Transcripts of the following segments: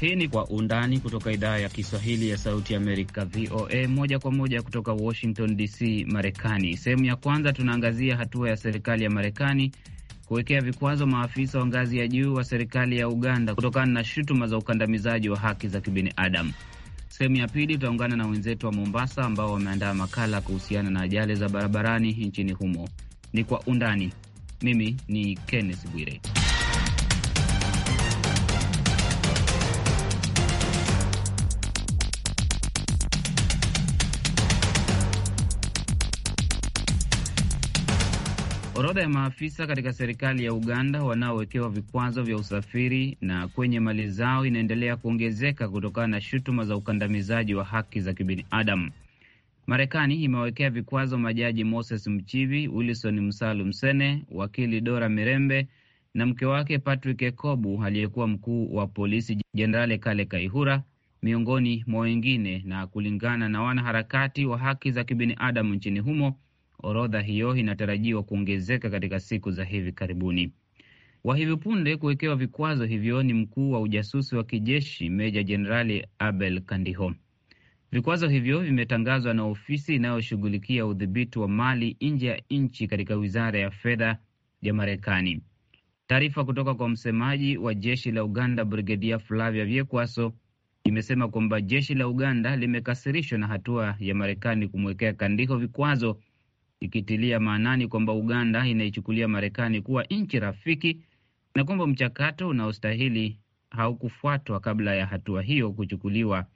Hii ni Kwa Undani kutoka idhaa ya Kiswahili ya Sauti Amerika, VOA, moja kwa moja kutoka Washington DC, Marekani. Sehemu ya kwanza tunaangazia hatua ya serikali ya Marekani kuwekea vikwazo maafisa wa ngazi ya juu wa serikali ya Uganda kutokana na shutuma za ukandamizaji wa haki za kibinadamu. Sehemu ya pili tutaungana na wenzetu wa Mombasa ambao wameandaa makala kuhusiana na ajali za barabarani nchini humo. Ni Kwa Undani. Mimi ni Kenneth Bwire. Orodha ya maafisa katika serikali ya Uganda wanaowekewa vikwazo vya usafiri na kwenye mali zao inaendelea kuongezeka kutokana na shutuma za ukandamizaji wa haki za kibinadamu. Marekani imewawekea vikwazo majaji Moses Mchivi, Wilson Msalu Msene, wakili Dora Mirembe na mke wake Patrick Ekobu, aliyekuwa mkuu wa polisi Jenerali Kale Kaihura, miongoni mwa wengine, na kulingana na wanaharakati wa haki za kibinadamu nchini humo Orodha hiyo inatarajiwa kuongezeka katika siku za hivi karibuni. Wa hivi punde kuwekewa vikwazo hivyo ni mkuu wa ujasusi wa kijeshi Meja Jenerali Abel Kandiho. Vikwazo hivyo vimetangazwa na ofisi inayoshughulikia udhibiti wa mali nje ya nchi katika wizara ya fedha ya Marekani. Taarifa kutoka kwa msemaji wa jeshi la Uganda, Brigedia Flavia Vyekwaso, imesema kwamba jeshi la Uganda limekasirishwa na hatua ya Marekani kumwekea Kandiho vikwazo ikitilia maanani kwamba Uganda inaichukulia Marekani kuwa nchi rafiki na kwamba mchakato unaostahili haukufuatwa kabla ya hatua hiyo kuchukuliwa,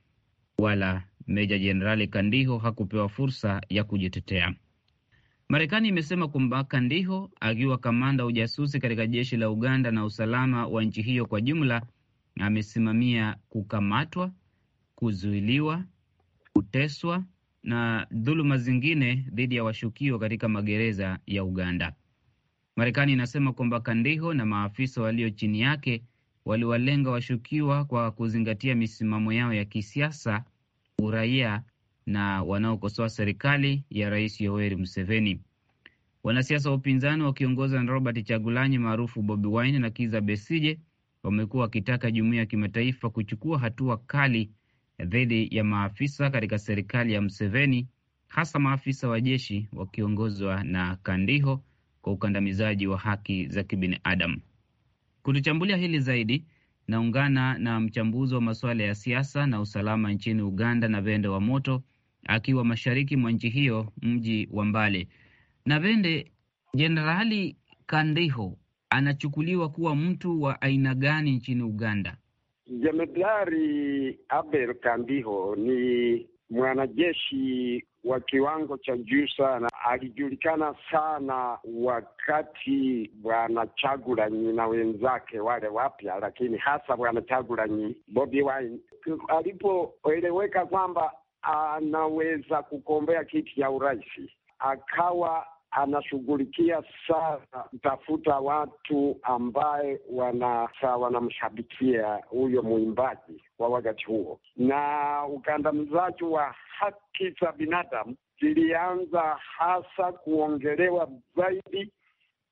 wala Meja Jenerali Kandiho hakupewa fursa ya kujitetea. Marekani imesema kwamba Kandiho akiwa kamanda ujasusi katika jeshi la Uganda na usalama wa nchi hiyo kwa jumla, amesimamia kukamatwa, kuzuiliwa, kuteswa na dhuluma zingine dhidi ya washukiwa katika magereza ya Uganda. Marekani inasema kwamba Kandiho na maafisa walio chini yake waliwalenga washukiwa kwa kuzingatia misimamo yao ya kisiasa, uraia na wanaokosoa serikali ya Rais Yoweri Museveni. Wanasiasa wa upinzani wakiongozwa na Robert Chagulanyi maarufu Bobi Wine na Kiza Besije wamekuwa wakitaka jumuiya ya kimataifa kuchukua hatua kali dhidi ya maafisa katika serikali ya Mseveni, hasa maafisa wa jeshi wakiongozwa na Kandiho kwa ukandamizaji wa haki za kibinadamu. kutuchambulia hili zaidi, naungana na mchambuzi wa masuala ya siasa na usalama nchini Uganda na Vende wa Moto akiwa mashariki mwa nchi hiyo, mji wa Mbale. Na Vende, Jenerali Kandiho anachukuliwa kuwa mtu wa aina gani nchini Uganda? Jemedari Abel Kambiho ni mwanajeshi wa kiwango cha juu sana. Alijulikana sana wakati Bwana Chagulanyi na wenzake wale wapya, lakini hasa Bwana Chagulanyi, Bobi Wine alipoeleweka kwamba anaweza kugombea kiti ya urais, akawa anashughulikia sana kutafuta watu ambaye wanamshabikia huyo mwimbaji wa wakati huo, na ukandamizaji wa haki za binadamu zilianza hasa kuongelewa zaidi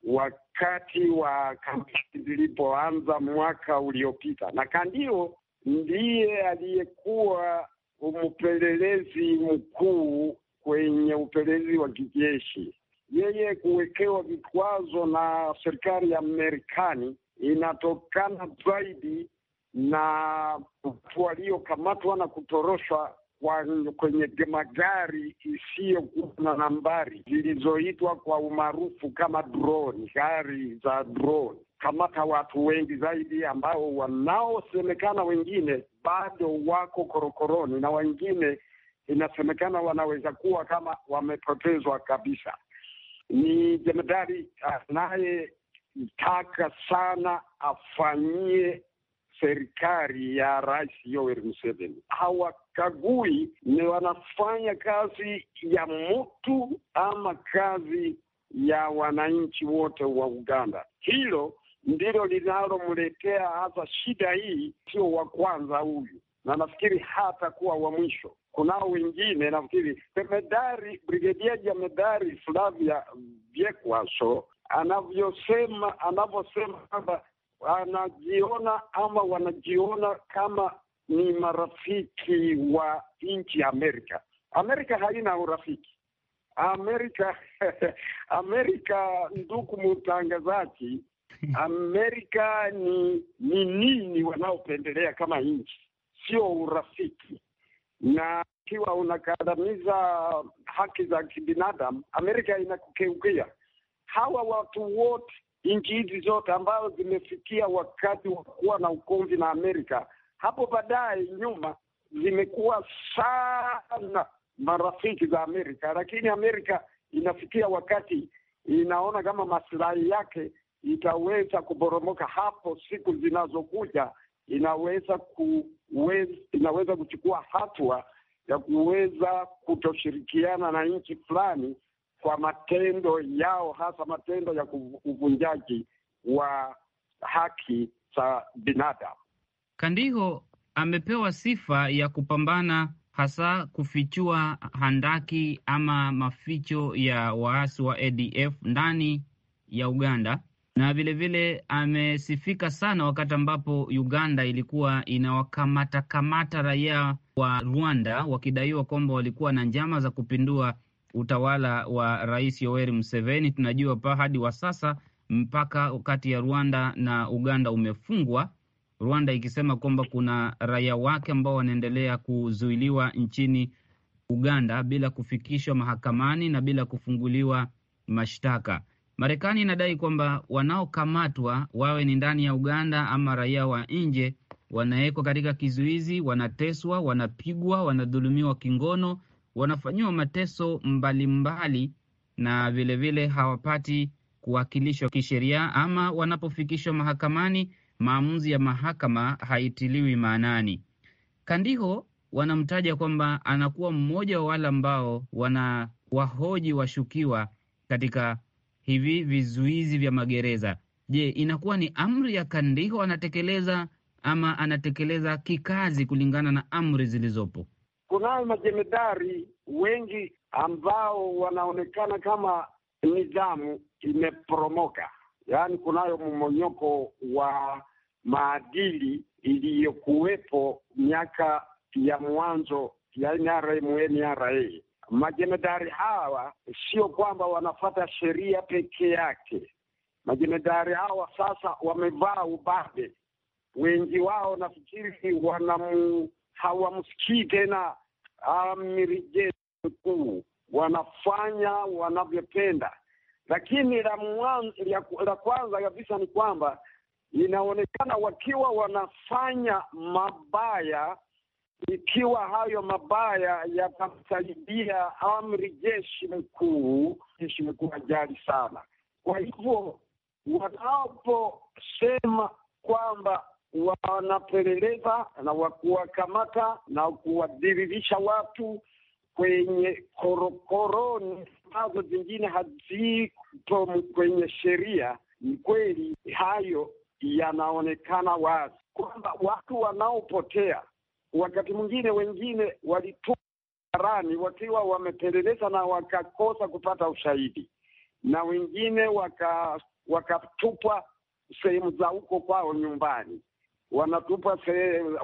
wakati wa kampeni zilipoanza mwaka uliopita, na Kandio ndiye aliyekuwa mpelelezi mkuu kwenye upelelezi wa kijeshi yeye kuwekewa vikwazo na serikali ya Marekani inatokana zaidi na watu waliokamatwa na kutoroshwa kwenye magari isiyokuwa na nambari zilizoitwa kwa umaarufu kama drone, gari za drone. Kamata watu wengi zaidi ambao wanaosemekana wengine bado wako korokoroni na wengine inasemekana wanaweza kuwa kama wamepotezwa kabisa ni jemadari anayetaka sana afanyie serikali ya Rais Yoweri Museveni. Hawakagui ni wanafanya kazi ya mtu ama kazi ya wananchi wote wa Uganda. Hilo ndilo linalomletea hasa shida hii. Sio wa kwanza huyu, na nafikiri hata kuwa wa mwisho kunao wengine nafikiri jemedari brigedia jemedari Flavia Vyekwaso anavyosema anavyosema kwamba anajiona ama wanajiona kama ni marafiki wa nchi ya Amerika. Amerika haina urafiki Amerika. Amerika, ndugu mtangazaji, Amerika ni ni nini wanaopendelea kama nchi, sio urafiki na ikiwa unakandamiza haki za kibinadamu, Amerika inakukeukia. Hawa watu wote, nchi hizi zote ambazo zimefikia wakati wa kuwa na ukomvi na Amerika, hapo baadaye nyuma zimekuwa sana marafiki za Amerika, lakini Amerika inafikia wakati inaona kama maslahi yake itaweza kuboromoka hapo siku zinazokuja inaweza kuweza, inaweza kuchukua hatua ya kuweza kutoshirikiana na nchi fulani kwa matendo yao, hasa matendo ya uvunjaji wa haki za binadamu. Kandiho amepewa sifa ya kupambana hasa kufichua handaki ama maficho ya waasi wa ADF ndani ya Uganda na vilevile amesifika sana wakati ambapo Uganda ilikuwa inawakamatakamata raia wa Rwanda wakidaiwa kwamba walikuwa na njama za kupindua utawala wa Rais Yoweri Museveni. Tunajua pa hadi wa sasa mpaka kati ya Rwanda na Uganda umefungwa, Rwanda ikisema kwamba kuna raia wake ambao wanaendelea kuzuiliwa nchini Uganda bila kufikishwa mahakamani na bila kufunguliwa mashtaka. Marekani inadai kwamba wanaokamatwa wawe ni ndani ya Uganda ama raia wa nje, wanawekwa katika kizuizi, wanateswa, wanapigwa, wanadhulumiwa kingono, wanafanyiwa mateso mbalimbali mbali, na vilevile hawapati kuwakilishwa kisheria, ama wanapofikishwa mahakamani maamuzi ya mahakama haitiliwi maanani. Kandiho wanamtaja kwamba anakuwa mmoja wa wale ambao wanawahoji washukiwa katika hivi vizuizi vya magereza. Je, inakuwa ni amri ya Kandiho anatekeleza ama anatekeleza kikazi kulingana na amri zilizopo? kunayo majemedari wengi ambao wanaonekana kama nidhamu imeporomoka, yaani kunayo mmonyoko wa maadili iliyokuwepo miaka ya mwanzo ya NRM NRA Majemedari hawa sio kwamba wanafata sheria peke yake. Majemedari hawa sasa wamevaa ubabe, wengi wao nafikiri wanamu, hawamsikii tena amiri jeshi mkuu, wanafanya wanavyopenda. Lakini la, la kwanza kabisa ni kwamba inaonekana wakiwa wanafanya mabaya ikiwa hayo mabaya yatamsaidia amri jeshi mkuu, jeshi mkuu ajali sana. Kwa hivyo wanaposema kwamba wanapeleleza na wakuwakamata na kuwadiririsha watu kwenye korokoroni ambazo zingine haziko kwenye sheria, ni kweli hayo yanaonekana wazi kwamba watu wanaopotea wakati mwingine wengine walitua barani wakiwa wamepeleleza na wakakosa kupata ushahidi, na wengine wakatupwa waka sehemu za huko kwao nyumbani, wanatupwa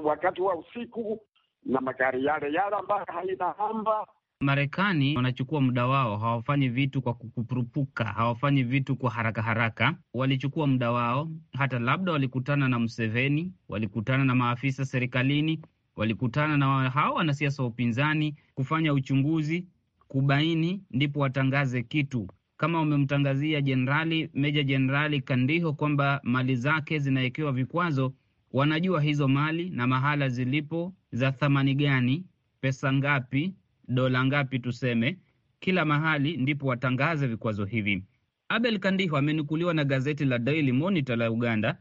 wakati wa usiku na magari yale yale ambayo haina hamba. Marekani wanachukua muda wao, hawafanyi vitu kwa kukupurupuka, hawafanyi vitu kwa haraka haraka. Walichukua muda wao, hata labda walikutana na Museveni, walikutana na maafisa serikalini, walikutana na hao wanasiasa wa upinzani kufanya uchunguzi kubaini, ndipo watangaze kitu. Kama wamemtangazia jenerali meja jenerali Kandiho kwamba mali zake zinawekewa vikwazo, wanajua hizo mali na mahala zilipo, za thamani gani, pesa ngapi, dola ngapi tuseme, kila mahali, ndipo watangaze vikwazo hivi. Abel Kandiho amenukuliwa na gazeti la Daily Monitor la Uganda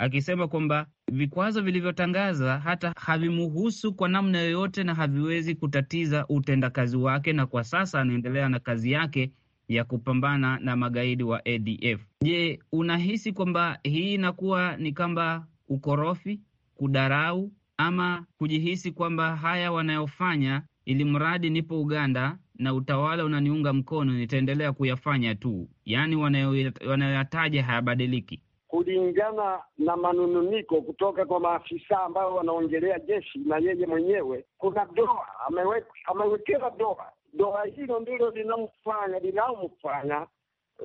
akisema kwamba vikwazo vilivyotangaza hata havimuhusu kwa namna yoyote na haviwezi kutatiza utendakazi wake, na kwa sasa anaendelea na kazi yake ya kupambana na magaidi wa ADF. Je, unahisi kwamba hii inakuwa ni kama ukorofi, kudarau ama kujihisi kwamba haya wanayofanya, ili mradi nipo Uganda na utawala unaniunga mkono, nitaendelea kuyafanya tu, yaani wanayoyataja hayabadiliki? kulingana na manununiko kutoka kwa maafisa ambao wanaongelea jeshi na yeye mwenyewe, kuna doa amewe, amewekewa doa. Doa hilo ndilo linamfanya linamfanya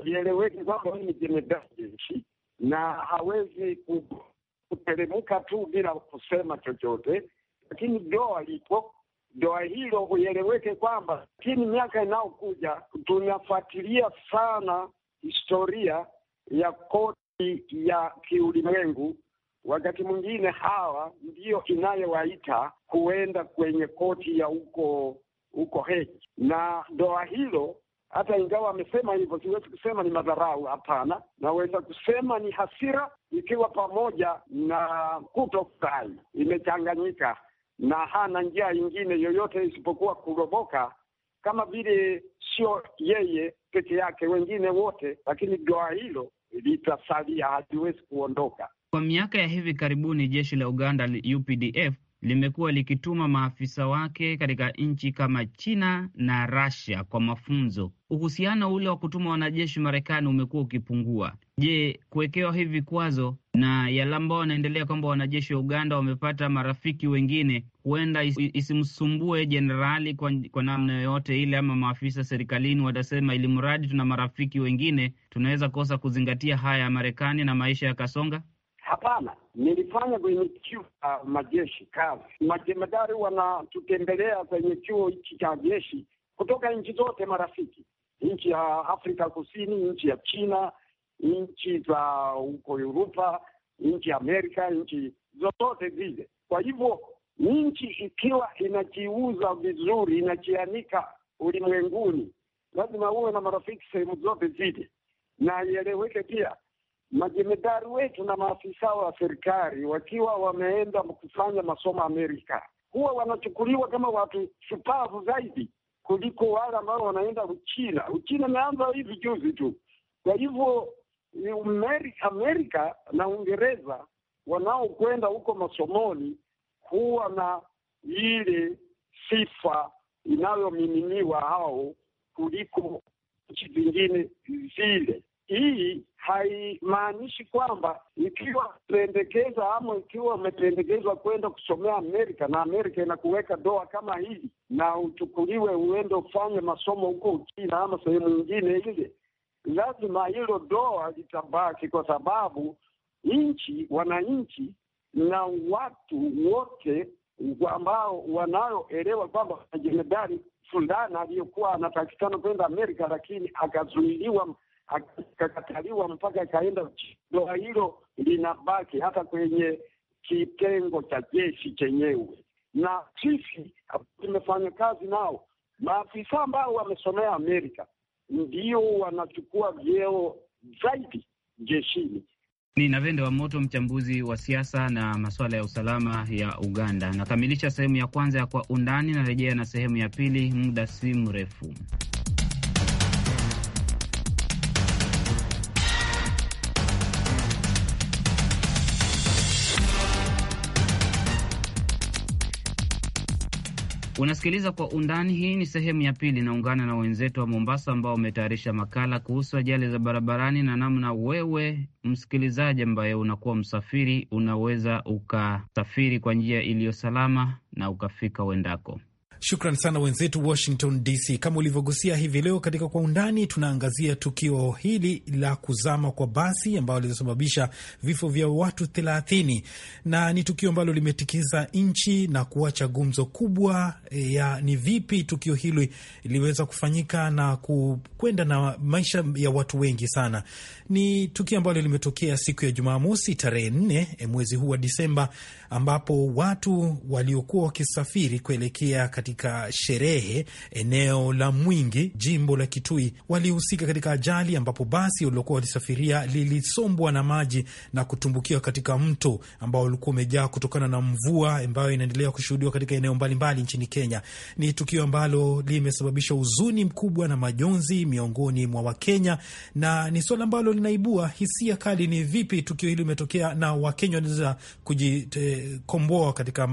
lieleweke kwamba ni jenerali jeshi na hawezi kuteremka tu bila kusema chochote, lakini doa lipo. Doa hilo ueleweke kwamba, lakini miaka inayokuja tunafuatilia sana historia ya koti ya kiulimwengu. Wakati mwingine hawa ndiyo inayowaita kuenda kwenye koti ya uko uko Hague, na doa hilo hata ingawa amesema hivyo, siwezi kusema ni madharau, hapana. Naweza kusema ni hasira, ikiwa pamoja na kutofurahi, imechanganyika na hana njia ingine yoyote isipokuwa kuroboka, kama vile sio yeye peke yake, wengine wote. Lakini doa hilo litasalia, haliwezi kuondoka. Kwa miaka ya hivi karibuni, jeshi la Uganda UPDF limekuwa likituma maafisa wake katika nchi kama China na Russia kwa mafunzo. Uhusiano ule wa kutuma wanajeshi Marekani umekuwa ukipungua. Je, kuwekewa hivi vikwazo na yale ambao wanaendelea kwamba wanajeshi wa Uganda wamepata marafiki wengine, huenda isimsumbue jenerali kwa, kwa namna yoyote ile, ama maafisa serikalini watasema ili mradi tuna marafiki wengine tunaweza kosa kuzingatia haya ya Marekani na maisha ya kasonga Hapana, nilifanya kwenye chuo uh, majeshi kazi. Majemadari wanatutembelea kwenye chuo hichi cha jeshi kutoka nchi zote marafiki, nchi ya Afrika Kusini, nchi ya China nchi za huko Uropa, nchi Amerika, nchi zozote zile. Kwa hivyo nchi ikiwa inajiuza vizuri, inajianika ulimwenguni, lazima uwe na marafiki sehemu zote zile, na ieleweke pia majemedari wetu na maafisa wa serikali wakiwa wameenda kufanya masomo Amerika, huwa wanachukuliwa kama watu shupavu zaidi kuliko wale ambao wanaenda Uchina. Uchina imeanza hivi juzi tu. Kwa hivyo ni Umeri, Amerika na Uingereza wanaokwenda huko masomoni kuwa na ile sifa inayomiminiwa hao kuliko nchi zingine zile. Hii haimaanishi kwamba ikiwa pendekeza ama ikiwa umependekezwa kwenda kusomea Amerika na Amerika inakuweka doa kama hili, na uchukuliwe uende ufanye masomo huko Uchina ama sehemu nyingine ile, lazima hilo doa litabaki, kwa sababu nchi, wananchi na watu wote ambao wanaoelewa kwamba jemedari fulani aliyokuwa anatakikana kwenda Amerika, lakini akazuiliwa akakataliwa mpaka akaenda. Doa hilo linabaki hata kwenye kitengo cha jeshi chenyewe, na sisi tumefanya kazi nao maafisa ambao wamesomea Amerika ndio wanachukua vyeo zaidi jeshini. Ni Navende wa Moto, mchambuzi wa siasa na masuala ya usalama ya Uganda. Nakamilisha sehemu ya kwanza ya Kwa Undani, narejea na sehemu ya pili muda si mrefu. Unasikiliza kwa undani. Hii ni sehemu ya pili. inaungana na wenzetu wa Mombasa ambao wametayarisha makala kuhusu ajali za barabarani na namna wewe msikilizaji, ambaye unakuwa msafiri, unaweza ukasafiri kwa njia iliyo salama na ukafika uendako. Shukran sana wenzetu Washington DC. Kama ulivyogusia hivi leo katika Kwa Undani, tunaangazia tukio hili la kuzama kwa basi ambalo lilisababisha vifo vya watu 30 na ni tukio ambalo limetikiza nchi na kuacha gumzo kubwa e, ya ni vipi tukio hili liliweza kufanyika na kwenda na maisha ya watu wengi sana. Ni tukio ambalo limetokea siku ya Jumamosi tarehe 4 e, mwezi huu wa Disemba ambapo watu waliokuwa wakisafiri kuelekea katika sherehe eneo la Mwingi, jimbo la Kitui, walihusika katika ajali ambapo basi waliokuwa walisafiria lilisombwa na maji na kutumbukiwa katika mto ambao ulikuwa umejaa kutokana na mvua ambayo inaendelea kushuhudiwa katika eneo mbalimbali mbali nchini Kenya. Ni tukio ambalo limesababisha huzuni mkubwa na majonzi miongoni mwa Wakenya na ni suala ambalo linaibua hisia kali. Ni vipi tukio hili limetokea na Wakenya wanaweza kuji amekomboa katika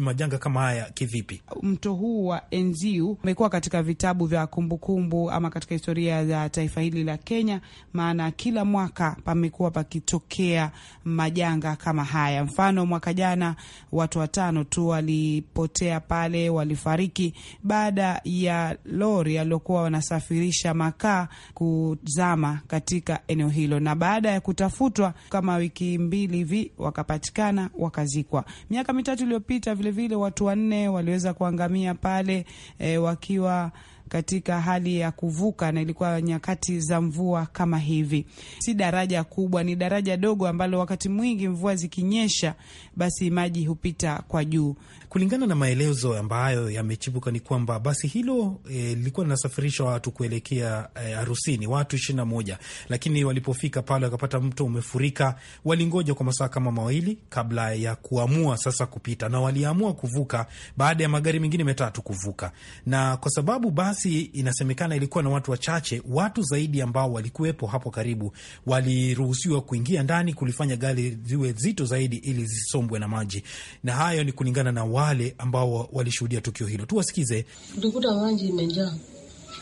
majanga kama haya kivipi? Mto huu wa Enziu umekuwa katika vitabu vya kumbukumbu kumbu, ama katika historia ya taifa hili la Kenya, maana kila mwaka pamekuwa pakitokea majanga kama haya. Mfano mwaka jana watu watano tu walipotea pale, walifariki baada ya lori aliokuwa wanasafirisha makaa kuzama katika eneo hilo, na baada ya kutafutwa kama wiki mbili hivi wakapatikana, wakazikwa. Miaka mitatu iliyopita vile vile watu wanne waliweza kuangamia pale e, wakiwa katika hali ya kuvuka na ilikuwa nyakati za mvua kama hivi. Si daraja kubwa, ni daraja dogo ambalo wakati mwingi mvua zikinyesha, basi maji hupita kwa juu. Kulingana na maelezo ambayo yamechipuka ni kwamba basi hilo eh, lilikuwa e, linasafirisha watu kuelekea eh, harusini, e, watu ishirini na moja, lakini walipofika pale wakapata mto umefurika. Walingoja kwa masaa kama mawili kabla ya kuamua sasa kupita, na waliamua kuvuka baada ya magari mengine matatu kuvuka, na kwa sababu basi inasemekana ilikuwa na watu wachache, watu zaidi ambao walikuwepo hapo karibu waliruhusiwa kuingia ndani, kulifanya gari ziwe zito zaidi ili zisombwe na maji, na hayo ni kulingana na wale ambao walishuhudia tukio hilo. Tuwasikize. Tulikuta maji imejaa,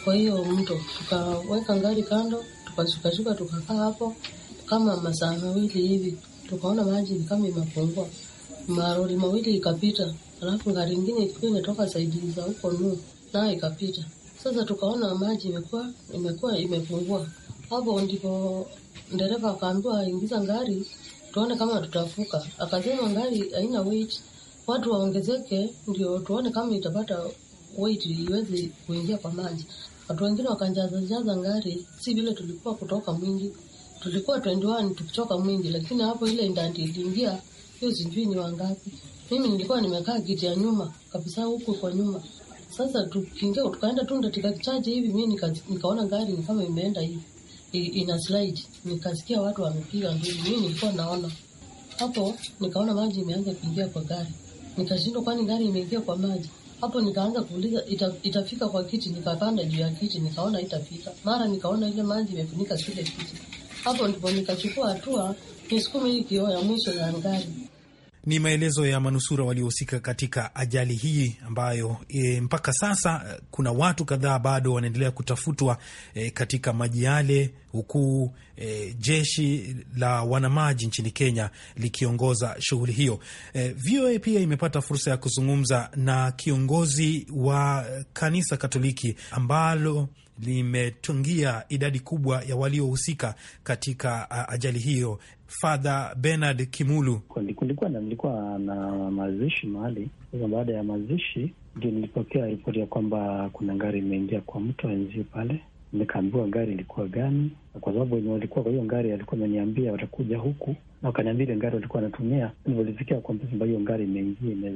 kwa hiyo mto, tukaweka ngari kando, tukashukashuka, tukakaa hapo kama masaa mawili hivi, tukaona maji ni kama imepungua. Marori mawili ikapita, alafu ngari ingine ikiwa imetoka saidi za huko nuu, nayo ikapita. Sasa tukaona maji imekuwa imekuwa imepungua, hapo ndipo dereva akaambiwa aingiza ngari tuone kama tutafuka Akasema ngari haina weight, watu waongezeke, ndio tuone kama itapata weight iweze kuingia kwa maji. Watu wengine wakajazajaza ngari, si vile tulikuwa kutoka mwingi, tulikuwa 21 tukitoka mwingi, lakini hapo ile ndani iliingia hiyo, sijui ni wangapi. Mimi nilikuwa nimekaa kiti ya nyuma kabisa, huku kwa nyuma. Sasa tukiingia tukaenda tu dakika chache hivi, mimi nika, nikaona gari ni kama imeenda hivi ina slide, nikasikia watu wamepiga ngumi. Mimi nilikuwa naona hapo, nikaona maji imeanza kuingia kwa gari. Nikashindwa kwani gari imeingia kwa maji. Hapo nikaanza kuuliza ita, itafika kwa kiti, nikapanda juu ya kiti, nikaona itafika. Mara nikaona ile maji imefunika kile kiti. Hapo ndipo nikachukua hatua nisukume hii kioo ya mwisho ya gari. Ni maelezo ya manusura waliohusika katika ajali hii ambayo e, mpaka sasa e, kuna watu kadhaa bado wanaendelea kutafutwa e, katika maji yale, huku e, jeshi la wanamaji nchini Kenya likiongoza shughuli hiyo. E, VOA pia imepata fursa ya kuzungumza na kiongozi wa kanisa Katoliki ambalo limetungia idadi kubwa ya waliohusika katika ajali hiyo. Father Bernard Kimulu: kulikuwa na nilikuwa na mazishi mahali sasa. Baada ya mazishi ndio nilipokea ripoti ya kwamba kuna ngari imeingia kwa mtu wenzio pale. Nikaambiwa gari ilikuwa gani, na kwa sababu wenye walikuwa kwa hiyo ngari alikuwa ameniambia watakuja huku, na wakaniambia ile gari walikuwa wanatumia. Nilivyofikia kwamba hiyo ngari imeingia ime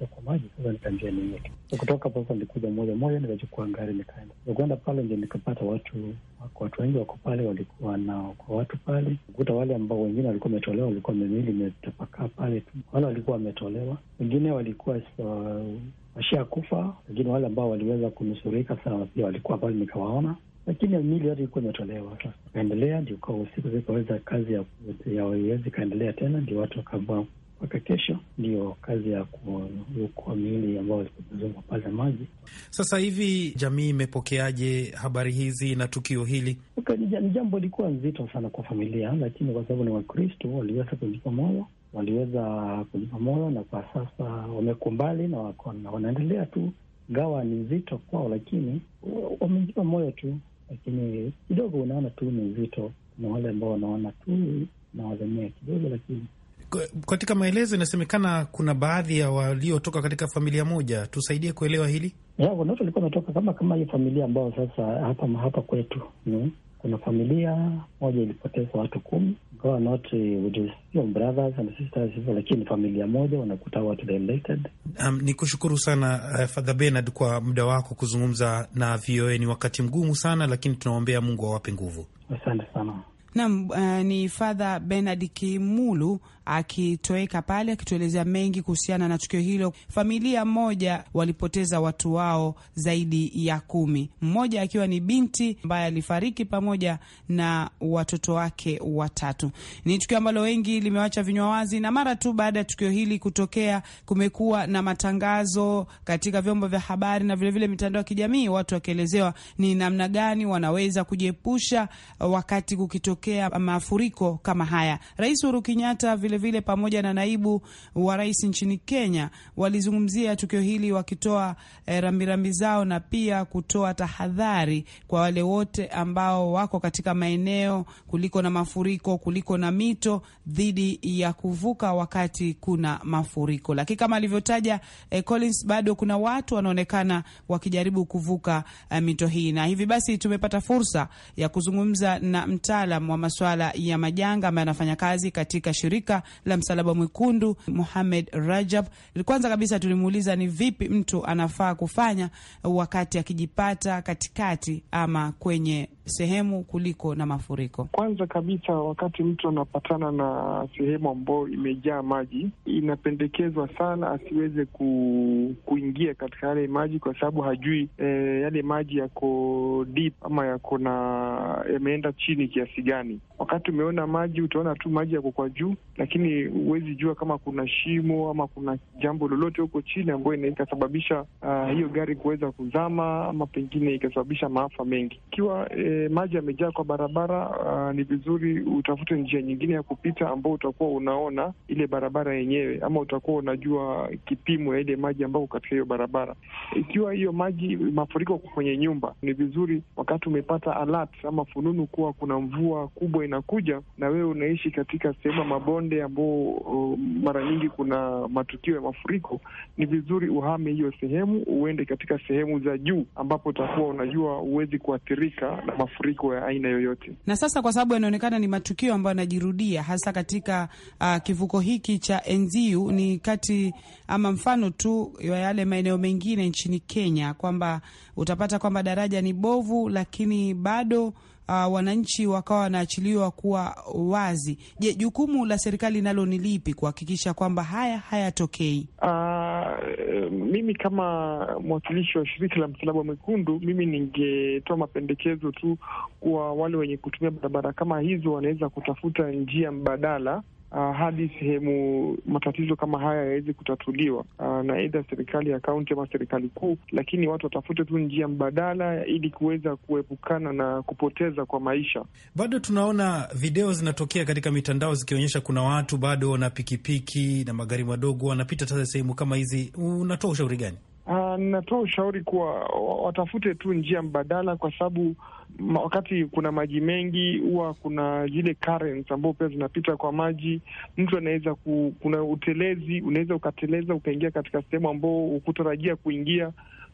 nikatoka kwa maji sasa, nikaingia Limete. Kutoka sasa nilikuja moja moja, nikachukua gari nikaenda nikaenda pale, ndio nikapata watu watu wengi wako pale, walikuwa na kwa watu pale, kuta wale ambao wengine walikuwa wametolewa, walikuwa mimili imetapakaa pale tu, wale walikuwa wametolewa, wengine walikuwa kufa lakini wale ambao waliweza kunusurika sana pia walikuwa pale, nikawaona lakini mili yote ilikuwa imetolewa. Sasa ikaendelea ndio kwa usiku, zikaweza kazi ya, ya wezi ikaendelea tena, ndio watu wakavaa mpaka kesho, ndiyo kazi ya kuokoa miili ambayo zimepozongwa pale maji. Sasa hivi jamii imepokeaje habari hizi na tukio hili? Ni jambo likuwa nzito sana kwa familia, lakini kwa sababu ni Wakristo waliweza kujipa moyo, waliweza kujipa moyo, na kwa sasa wamekumbali na wanaendelea tu, gawa ni nzito kwao, lakini wamejipa moyo tu, lakini kidogo unaona tu ni nzito na wale ambao wanaona tu na kidogo, lakini katika maelezo inasemekana kuna baadhi ya waliotoka katika familia moja, tusaidie kuelewa hili. Wanaote walikuwa wametoka kama kama hii familia ambao sasa hapa hapa kwetu ni? kuna familia moja ilipoteza watu kumi, ingawa not sio brothers and sisters hivyo, lakini familia moja wanakuta watu related. Um, ni kushukuru sana uh, Father Bernard kwa muda wako kuzungumza na VOA. Ni wakati mgumu sana, lakini tunaombea Mungu awape wa nguvu. Asante sana. Nam uh, eh, ni Fadha Benard Kimulu akitoweka pale akituelezea mengi kuhusiana na tukio hilo. Familia moja walipoteza watu wao zaidi ya kumi, mmoja akiwa ni binti ambaye alifariki pamoja na watoto wake watatu. Ni tukio ambalo wengi limewacha vinywa wazi, na mara tu baada ya tukio hili kutokea, kumekuwa na matangazo katika vyombo vya habari na vilevile mitandao ya kijamii, watu wakielezewa ni namna gani wanaweza kujiepusha wakati kukitokea kutokea mafuriko kama haya. Rais Uhuru Kenyatta vilevile pamoja na naibu wa rais nchini Kenya walizungumzia tukio hili wakitoa eh, rambirambi zao na pia kutoa tahadhari kwa wale wote ambao wako katika maeneo kuliko na mafuriko kuliko na mito dhidi ya kuvuka wakati kuna mafuriko. Lakini kama alivyotaja eh, Collins, bado kuna watu wanaonekana wakijaribu kuvuka eh, mito hii, na hivi basi tumepata fursa ya kuzungumza na mtaalam wa masuala ya majanga ambaye anafanya kazi katika shirika la Msalaba Mwekundu, Muhamed Rajab. Kwanza kabisa tulimuuliza ni vipi mtu anafaa kufanya wakati akijipata katikati ama kwenye sehemu kuliko na mafuriko. Kwanza kabisa, wakati mtu anapatana na sehemu ambayo imejaa maji, inapendekezwa sana asiweze ku, kuingia katika yale maji kwa sababu hajui e, yale maji yako deep ama yako na yameenda chini kiasi gani gani. Wakati umeona maji, utaona tu maji yako kwa juu, lakini huwezi jua kama kuna shimo ama kuna jambo lolote huko chini ambayo ikasababisha uh, hiyo gari kuweza kuzama ama pengine ikasababisha maafa mengi. Ikiwa eh, maji yamejaa kwa barabara, uh, ni vizuri utafute njia nyingine ya kupita ambao utakuwa unaona ile barabara yenyewe, ama utakuwa unajua kipimo ya ile maji ambao katika hiyo barabara. Ikiwa hiyo maji mafuriko kwenye nyumba, ni vizuri wakati umepata alert ama fununu kuwa kuna mvua kubwa inakuja na wewe unaishi katika sehemu ya mabonde ambao mara nyingi kuna matukio ya mafuriko, ni vizuri uhame hiyo sehemu, uende katika sehemu za juu ambapo utakuwa unajua huwezi kuathirika na mafuriko ya aina yoyote. Na sasa kwa sababu yanaonekana ni matukio ambayo yanajirudia hasa katika uh, kivuko hiki cha Enziu, ni kati ama mfano tu ya yale maeneo mengine nchini Kenya, kwamba utapata kwamba daraja ni bovu, lakini bado uh, wananchi wakawa wanaachiliwa kuwa wazi. Je, jukumu la serikali nalo ni lipi kuhakikisha kwamba haya hayatokei? Uh, mimi kama mwakilishi wa shirika la Msalaba Mwekundu, mimi ningetoa mapendekezo tu kwa wale wenye kutumia barabara kama hizo, wanaweza kutafuta njia mbadala uh, hadi sehemu matatizo kama haya yaweze kutatuliwa uh, na aidha serikali ya kaunti ama serikali kuu, lakini watu watafute tu njia mbadala ili kuweza kuepukana na kupoteza kwa maisha. Bado tunaona video zinatokea katika mitandao zikionyesha kuna watu bado wana pikipiki na magari madogo wanapita sasa sehemu kama hizi, unatoa ushauri gani? ninatoa ushauri kuwa watafute tu njia mbadala, kwa sababu wakati kuna maji mengi huwa kuna zile currents ambao pia zinapita kwa maji. Mtu anaweza ku, kuna utelezi, unaweza ukateleza ukaingia katika sehemu ambao hukutarajia kuingia.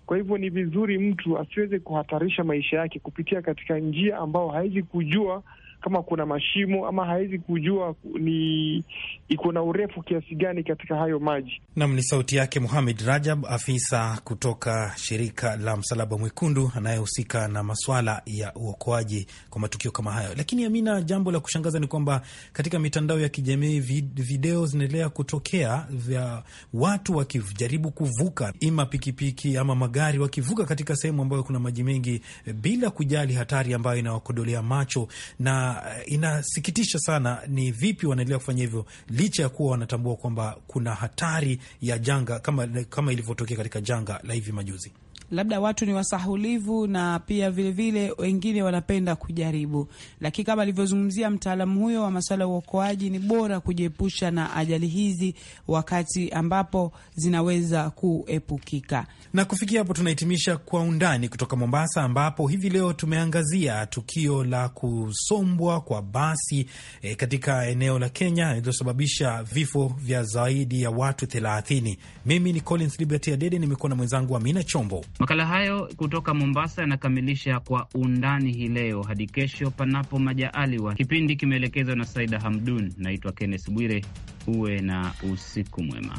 Kwa hivyo ni vizuri mtu asiweze kuhatarisha maisha yake kupitia katika njia ambao hawezi kujua kama kuna mashimo ama hawezi kujua ni iko na urefu kiasi gani katika hayo maji. Nam ni sauti yake Muhamed Rajab, afisa kutoka shirika la Msalaba Mwekundu anayehusika na maswala ya uokoaji kwa matukio kama hayo. Lakini Amina, jambo la kushangaza ni kwamba katika mitandao ya kijamii video zinaendelea kutokea vya watu wakijaribu kuvuka, ima pikipiki ama magari, wakivuka katika sehemu ambayo kuna maji mengi eh, bila kujali hatari ambayo inawakodolea macho na Eh, inasikitisha sana, ni vipi wanaendelea kufanya hivyo licha ya kuwa wanatambua kwamba kuna hatari ya janga kama, kama ilivyotokea katika janga la hivi majuzi labda watu ni wasahulivu na pia vilevile wengine wanapenda kujaribu, lakini kama alivyozungumzia mtaalamu huyo wa masuala ya uokoaji, ni bora kujiepusha na ajali hizi wakati ambapo zinaweza kuepukika. Na kufikia hapo, tunahitimisha Kwa Undani kutoka Mombasa, ambapo hivi leo tumeangazia tukio la kusombwa kwa basi e, katika eneo la Kenya lililosababisha vifo vya zaidi ya watu 30. Mimi ni Collins Liberty Adede, nimekuwa na mwenzangu Amina Chombo. Makala hayo kutoka Mombasa yanakamilisha kwa undani hii leo. Hadi kesho, panapo majaaliwa. Kipindi kimeelekezwa na Saida Hamdun. Naitwa kennes Bwire. Uwe na usiku mwema.